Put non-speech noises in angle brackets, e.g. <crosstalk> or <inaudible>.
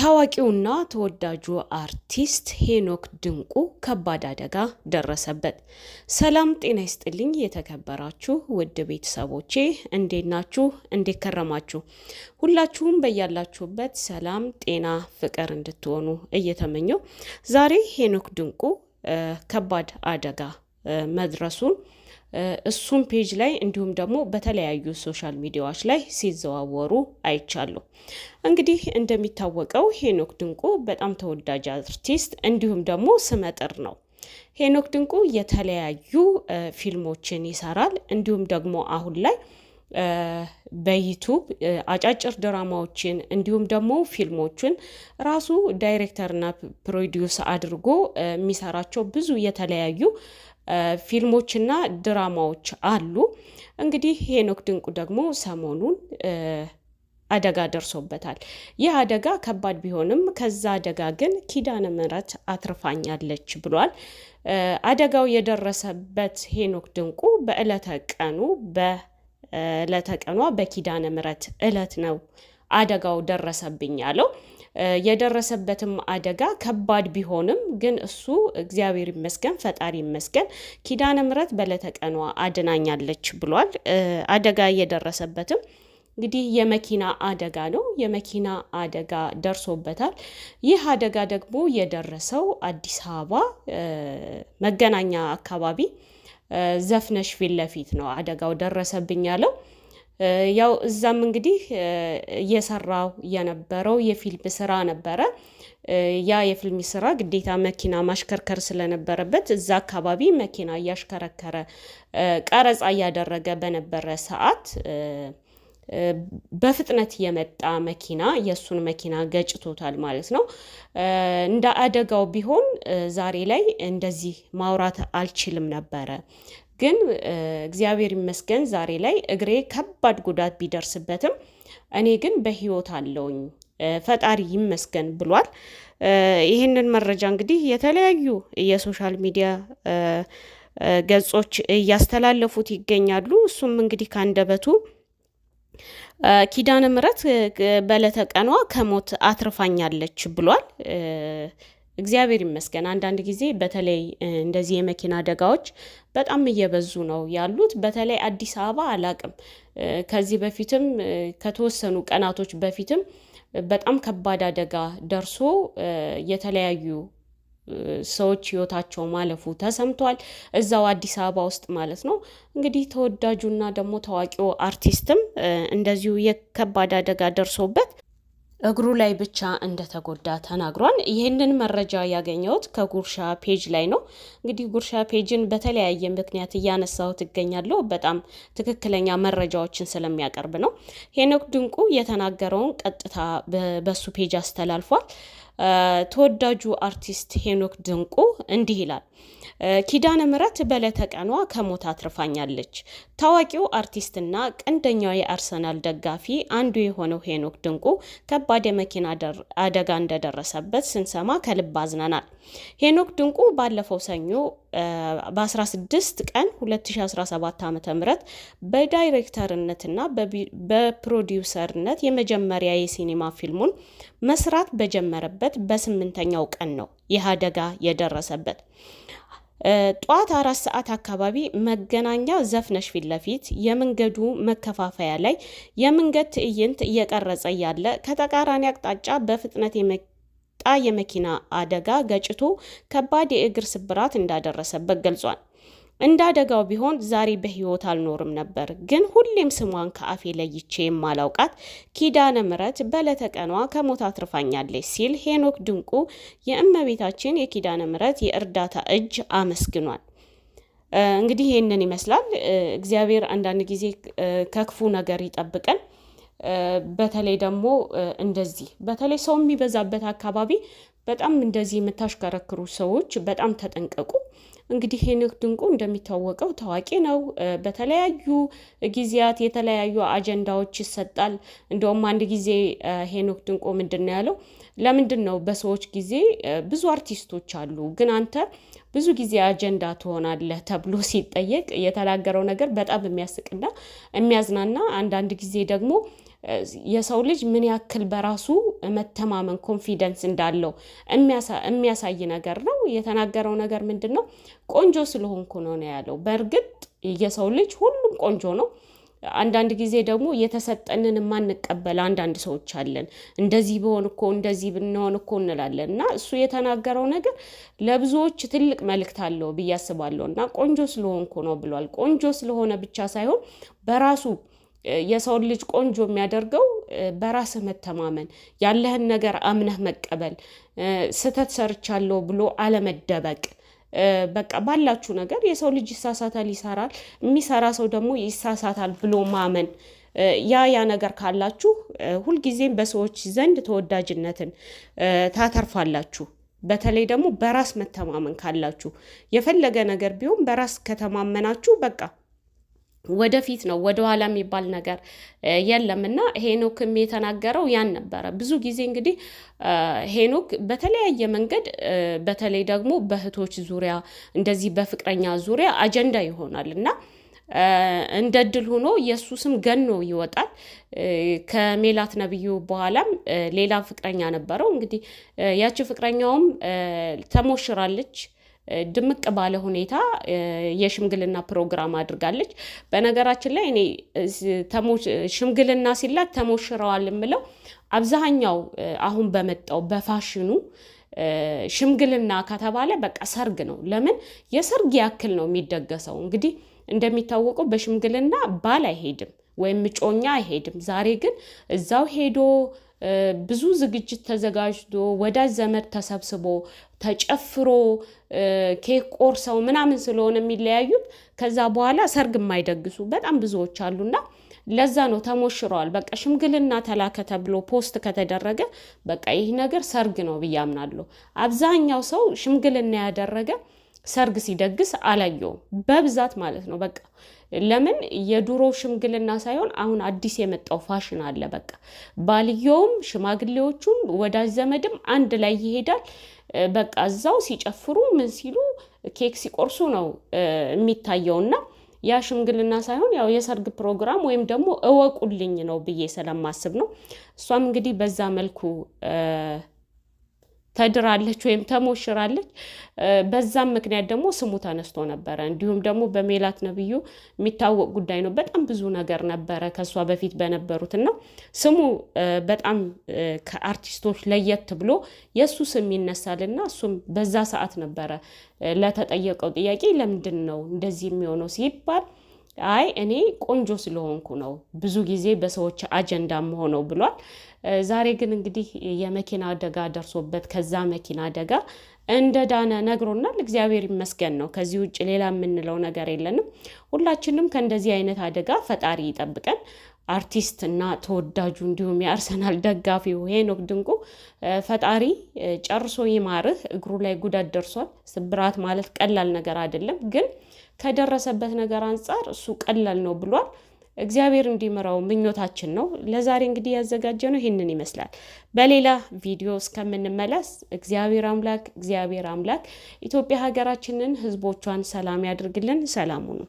ታዋቂውና ተወዳጁ አርቲስት ሄኖክ ድንቁ ከባድ አደጋ ደረሰበት። ሰላም ጤና ይስጥልኝ። የተከበራችሁ ውድ ቤተሰቦቼ እንዴት ናችሁ? እንዴት ከረማችሁ? ሁላችሁም በያላችሁበት ሰላም፣ ጤና፣ ፍቅር እንድትሆኑ እየተመኘው ዛሬ ሄኖክ ድንቁ ከባድ አደጋ መድረሱን እሱም ፔጅ ላይ እንዲሁም ደግሞ በተለያዩ ሶሻል ሚዲያዎች ላይ ሲዘዋወሩ አይቻሉ። እንግዲህ እንደሚታወቀው ሄኖክ ድንቁ በጣም ተወዳጅ አርቲስት እንዲሁም ደግሞ ስመጥር ነው። ሄኖክ ድንቁ የተለያዩ ፊልሞችን ይሰራል። እንዲሁም ደግሞ አሁን ላይ በዩቱብ አጫጭር ድራማዎችን እንዲሁም ደግሞ ፊልሞችን ራሱ ዳይሬክተርና ፕሮዲውስ አድርጎ የሚሰራቸው ብዙ የተለያዩ ፊልሞችና ድራማዎች አሉ። እንግዲህ ሄኖክ ድንቁ ደግሞ ሰሞኑን አደጋ ደርሶበታል። ይህ አደጋ ከባድ ቢሆንም ከዛ አደጋ ግን ኪዳነ ምሕረት አትርፋኛለች ብሏል። አደጋው የደረሰበት ሄኖክ ድንቁ በዕለተ ቀኑ በ ለተቀኗ በኪዳነ ምሕረት እለት ነው አደጋው ደረሰብኝ ያለው። የደረሰበትም አደጋ ከባድ ቢሆንም ግን እሱ እግዚአብሔር ይመስገን ፈጣሪ ይመስገን ኪዳነ ምሕረት በለተቀኗ አድናኛለች ብሏል። አደጋ የደረሰበትም እንግዲህ የመኪና አደጋ ነው። የመኪና አደጋ ደርሶበታል። ይህ አደጋ ደግሞ የደረሰው አዲስ አበባ መገናኛ አካባቢ ዘፍነሽ ፊት ለፊት ነው አደጋው ደረሰብኝ ያለው። ያው እዛም እንግዲህ እየሰራው የነበረው የፊልም ስራ ነበረ። ያ የፊልም ስራ ግዴታ መኪና ማሽከርከር ስለነበረበት እዛ አካባቢ መኪና እያሽከረከረ ቀረጻ እያደረገ በነበረ ሰዓት በፍጥነት የመጣ መኪና የእሱን መኪና ገጭቶታል ማለት ነው። እንደ አደጋው ቢሆን ዛሬ ላይ እንደዚህ ማውራት አልችልም ነበረ። ግን እግዚአብሔር ይመስገን ዛሬ ላይ እግሬ ከባድ ጉዳት ቢደርስበትም እኔ ግን በሕይወት አለውኝ ፈጣሪ ይመስገን ብሏል። ይህንን መረጃ እንግዲህ የተለያዩ የሶሻል ሚዲያ ገጾች እያስተላለፉት ይገኛሉ። እሱም እንግዲህ ከአንደበቱ ኪዳነ ምሕረት በዕለተ ቀኗ ከሞት አትርፋኛለች ብሏል። እግዚአብሔር ይመስገን። አንዳንድ ጊዜ በተለይ እንደዚህ የመኪና አደጋዎች በጣም እየበዙ ነው ያሉት። በተለይ አዲስ አበባ አላቅም። ከዚህ በፊትም ከተወሰኑ ቀናቶች በፊትም በጣም ከባድ አደጋ ደርሶ የተለያዩ ሰዎች ህይወታቸው ማለፉ ተሰምቷል። እዛው አዲስ አበባ ውስጥ ማለት ነው። እንግዲህ ተወዳጁና ደግሞ ታዋቂው አርቲስትም እንደዚሁ የከባድ አደጋ ደርሶበት እግሩ ላይ ብቻ እንደተጎዳ ተናግሯል። ይህንን መረጃ ያገኘሁት ከጉርሻ ፔጅ ላይ ነው። እንግዲህ ጉርሻ ፔጅን በተለያየ ምክንያት እያነሳሁት እገኛለሁ። በጣም ትክክለኛ መረጃዎችን ስለሚያቀርብ ነው። ሄኖክ ድንቁ የተናገረውን ቀጥታ በሱ ፔጅ አስተላልፏል። ተወዳጁ አርቲስት ሄኖክ ድንቁ እንዲህ ይላል። ኪዳነ ምረት በለተቀኗ ቀኗ ከሞት አትርፋኛለች። ታዋቂው አርቲስትና ቀንደኛው የአርሰናል ደጋፊ አንዱ የሆነው ሄኖክ ድንቁ ከባድ የመኪና አደጋ እንደደረሰበት ስንሰማ ከልብ አዝነናል። ሄኖክ ድንቁ ባለፈው ሰኞ በ16 ቀን 2017 ዓ ም በዳይሬክተርነትና በፕሮዲውሰርነት የመጀመሪያ የሲኒማ ፊልሙን መስራት በጀመረበት በስምንተኛው ቀን ነው ይህ አደጋ የደረሰበት። ጠዋት አራት ሰዓት አካባቢ መገናኛ ዘፍነሽ ፊት ለፊት የመንገዱ መከፋፈያ ላይ የመንገድ ትዕይንት እየቀረጸ ያለ ከተቃራኒ አቅጣጫ በፍጥነት የመጣ የመኪና አደጋ ገጭቶ ከባድ የእግር ስብራት እንዳደረሰበት ገልጿል። እንደ አደጋው ቢሆን ዛሬ በህይወት አልኖርም ነበር። ግን ሁሌም ስሟን ከአፌ ለይቼ የማላውቃት ኪዳነ ምረት በለተቀኗ ከሞታ ከሞት አትርፋኛለች ሲል ሄኖክ ድንቁ የእመቤታችን የኪዳነ ምረት የእርዳታ እጅ አመስግኗል። እንግዲህ ይህንን ይመስላል። እግዚአብሔር አንዳንድ ጊዜ ከክፉ ነገር ይጠብቀን። በተለይ ደግሞ እንደዚህ በተለይ ሰው የሚበዛበት አካባቢ በጣም እንደዚህ የምታሽከረክሩ ሰዎች በጣም ተጠንቀቁ። እንግዲህ ሄኖክ ድንቁ እንደሚታወቀው ታዋቂ ነው። በተለያዩ ጊዜያት የተለያዩ አጀንዳዎች ይሰጣል። እንደውም አንድ ጊዜ ሄኖክ ድንቁ ምንድን ነው ያለው? ለምንድን ነው በሰዎች ጊዜ ብዙ አርቲስቶች አሉ፣ ግን አንተ ብዙ ጊዜ አጀንዳ ትሆናለህ ተብሎ <laughs> ሲጠየቅ የተናገረው ነገር በጣም የሚያስቅና የሚያዝናና አንዳንድ ጊዜ ደግሞ የሰው ልጅ ምን ያክል በራሱ መተማመን ኮንፊደንስ እንዳለው የሚያሳይ ነገር ነው። የተናገረው ነገር ምንድን ነው? ቆንጆ ስለሆንኩ ነው ነው ያለው። በእርግጥ የሰው ልጅ ሁሉም ቆንጆ ነው። አንዳንድ ጊዜ ደግሞ የተሰጠንን የማንቀበል አንዳንድ ሰዎች አለን። እንደዚህ በሆን እኮ እንደዚህ ብንሆን እኮ እንላለን። እና እሱ የተናገረው ነገር ለብዙዎች ትልቅ መልእክት አለው ብዬ አስባለሁ። እና ቆንጆ ስለሆንኩ ነው ብሏል። ቆንጆ ስለሆነ ብቻ ሳይሆን በራሱ የሰውን ልጅ ቆንጆ የሚያደርገው በራስህ መተማመን፣ ያለህን ነገር አምነህ መቀበል፣ ስህተት ሰርቻለሁ ብሎ አለመደበቅ። በቃ ባላችሁ ነገር የሰው ልጅ ይሳሳታል፣ ይሰራል። የሚሰራ ሰው ደግሞ ይሳሳታል ብሎ ማመን ያ ያ ነገር ካላችሁ ሁልጊዜም በሰዎች ዘንድ ተወዳጅነትን ታተርፋላችሁ። በተለይ ደግሞ በራስ መተማመን ካላችሁ የፈለገ ነገር ቢሆን በራስ ከተማመናችሁ በቃ ወደፊት ነው ወደ ኋላ የሚባል ነገር የለም። እና ሄኖክም የተናገረው ያን ነበረ። ብዙ ጊዜ እንግዲህ ሄኖክ በተለያየ መንገድ በተለይ ደግሞ በእህቶች ዙሪያ እንደዚህ በፍቅረኛ ዙሪያ አጀንዳ ይሆናል እና እንደ ድል ሆኖ የእሱ ስም ገኖ ይወጣል። ከሜላት ነብዩ በኋላም ሌላ ፍቅረኛ ነበረው። እንግዲህ ያቺ ፍቅረኛውም ተሞሽራለች ድምቅ ባለ ሁኔታ የሽምግልና ፕሮግራም አድርጋለች። በነገራችን ላይ እኔ ሽምግልና ሲላት ተሞሽረዋል የምለው አብዛኛው አሁን በመጣው በፋሽኑ ሽምግልና ከተባለ በቃ ሰርግ ነው። ለምን የሰርግ ያክል ነው የሚደገሰው። እንግዲህ እንደሚታወቀው በሽምግልና ባል አይሄድም ወይም እጮኛ አይሄድም። ዛሬ ግን እዛው ሄዶ ብዙ ዝግጅት ተዘጋጅቶ ወዳጅ ዘመድ ተሰብስቦ ተጨፍሮ ኬክ ቆርሰው ምናምን ስለሆነ የሚለያዩት ከዛ በኋላ ሰርግ የማይደግሱ በጣም ብዙዎች አሉና ለዛ ነው ተሞሽረዋል። በቃ ሽምግልና ተላከ ተብሎ ፖስት ከተደረገ በቃ ይህ ነገር ሰርግ ነው ብዬ አምናለሁ። አብዛኛው ሰው ሽምግልና ያደረገ ሰርግ ሲደግስ አላየውም፣ በብዛት ማለት ነው በቃ ለምን የዱሮ ሽምግልና ሳይሆን አሁን አዲስ የመጣው ፋሽን አለ። በቃ ባልየውም ሽማግሌዎቹም ወዳጅ ዘመድም አንድ ላይ ይሄዳል። በቃ እዛው ሲጨፍሩ ምን ሲሉ ኬክ ሲቆርሱ ነው የሚታየውና ያ ሽምግልና ሳይሆን ያው የሰርግ ፕሮግራም ወይም ደግሞ እወቁልኝ ነው ብዬ ስለማስብ ነው። እሷም እንግዲህ በዛ መልኩ ተድራለች ወይም ተሞሽራለች። በዛም ምክንያት ደግሞ ስሙ ተነስቶ ነበረ። እንዲሁም ደግሞ በሜላት ነብዩ የሚታወቅ ጉዳይ ነው። በጣም ብዙ ነገር ነበረ ከእሷ በፊት በነበሩት እና ስሙ በጣም ከአርቲስቶች ለየት ብሎ የእሱ ስም ይነሳል እና እሱም በዛ ሰዓት ነበረ ለተጠየቀው ጥያቄ ለምንድን ነው እንደዚህ የሚሆነው ሲባል አይ እኔ ቆንጆ ስለሆንኩ ነው ብዙ ጊዜ በሰዎች አጀንዳም ሆነው ብሏል። ዛሬ ግን እንግዲህ የመኪና አደጋ ደርሶበት ከዛ መኪና አደጋ እንደዳነ ነግሮናል። እግዚአብሔር ይመስገን ነው። ከዚህ ውጭ ሌላ የምንለው ነገር የለንም። ሁላችንም ከእንደዚህ አይነት አደጋ ፈጣሪ ይጠብቀን። አርቲስት እና ተወዳጁ እንዲሁም የአርሰናል ደጋፊው ሄኖክ ድንቁ ፈጣሪ ጨርሶ ይማርህ። እግሩ ላይ ጉዳት ደርሷል። ስብራት ማለት ቀላል ነገር አይደለም ግን ከደረሰበት ነገር አንጻር እሱ ቀላል ነው ብሏል። እግዚአብሔር እንዲምራው ምኞታችን ነው። ለዛሬ እንግዲህ ያዘጋጀነው ይህንን ይመስላል። በሌላ ቪዲዮ እስከምንመለስ እግዚአብሔር አምላክ እግዚአብሔር አምላክ ኢትዮጵያ ሀገራችንን ሕዝቦቿን ሰላም ያድርግልን። ሰላሙ ነው።